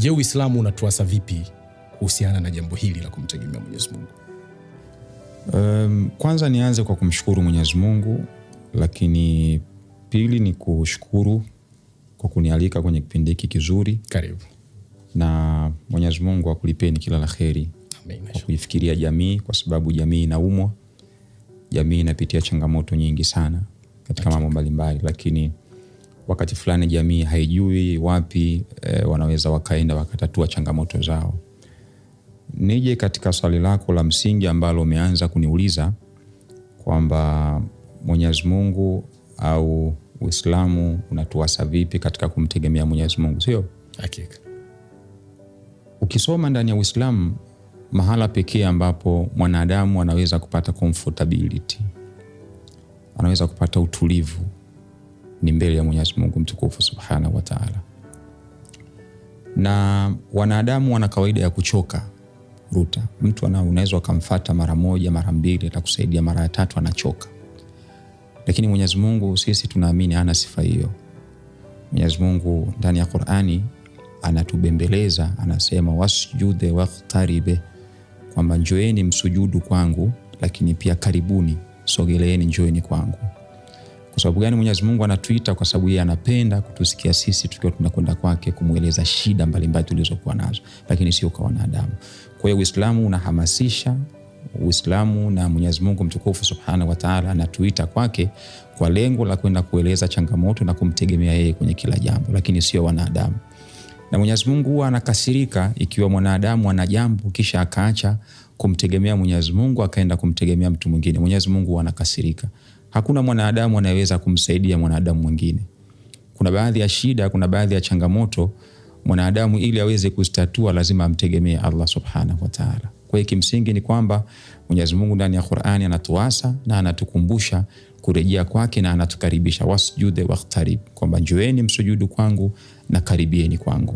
Je, Uislamu unatuasa vipi kuhusiana na jambo hili la kumtegemea Mwenyezi Mungu? Um, kwanza nianze kwa kumshukuru Mwenyezi Mungu, lakini pili ni kushukuru kwa kunialika kwenye kipindi hiki kizuri. Karibu na Mwenyezi Mungu akulipeni kila la kheri kwa kuifikiria jamii, kwa sababu jamii inaumwa, jamii inapitia changamoto nyingi sana katika mambo mbalimbali, lakini wakati fulani jamii haijui wapi e, wanaweza wakaenda wakatatua changamoto zao. Nije katika swali lako la msingi ambalo umeanza kuniuliza kwamba Mwenyezi Mungu au Uislamu unatuasa vipi katika kumtegemea Mwenyezi Mungu, sio? Hakika. Ukisoma ndani ya Uislamu mahala pekee ambapo mwanadamu anaweza kupata comfortability, anaweza kupata utulivu ni mbele ya Mwenyezi Mungu mtukufu Subhanahu wa Ta'ala. Na wanadamu wana kawaida ya kuchoka Ruta. Mtu unaweza ukamfata mara moja mara mbili, atakusaidia mara ya tatu, anachoka. Lakini Mwenyezi Mungu sisi tunaamini ana sifa hiyo. Mwenyezi Mungu ndani ya Qur'ani anatubembeleza, anasema wasjude waqtaribe, kwamba njoeni msujudu kwangu, lakini pia karibuni, sogeleeni, njoeni kwangu. Kwa sababu gani Mwenyezi Mungu anatuita? Kwa sababu yeye anapenda kutusikia sisi tukiwa tunakwenda kwake kumweleza shida mbalimbali tulizokuwa nazo, lakini sio kwa wanadamu. Kwa hiyo Uislamu unahamasisha Uislamu na Mwenyezi Mungu mtukufu Subhanahu wa Ta'ala anatuita kwake kwa lengo la kwenda kueleza changamoto na kumtegemea yeye kwenye kila jambo, lakini sio wanadamu. Na Mwenyezi Mungu huwa anakasirika ikiwa mwanadamu ana jambo kisha akaacha kumtegemea Mwenyezi Mungu akaenda kumtegemea mtu mwingine. Mwenyezi Mungu huwa anakasirika. Hakuna mwanadamu anayeweza kumsaidia mwanadamu mwingine. Kuna baadhi ya shida, kuna baadhi ya changamoto mwanadamu ili aweze kustatua lazima amtegemee Allah subhanahu wa ta'ala. Kwa hiyo kimsingi ni kwamba Mwenyezi Mungu ndani ya Qur'ani anatuasa na anatukumbusha kurejea kwake na anatukaribisha, wasjude waktarib kwamba njoeni msujudu kwangu na karibieni kwangu.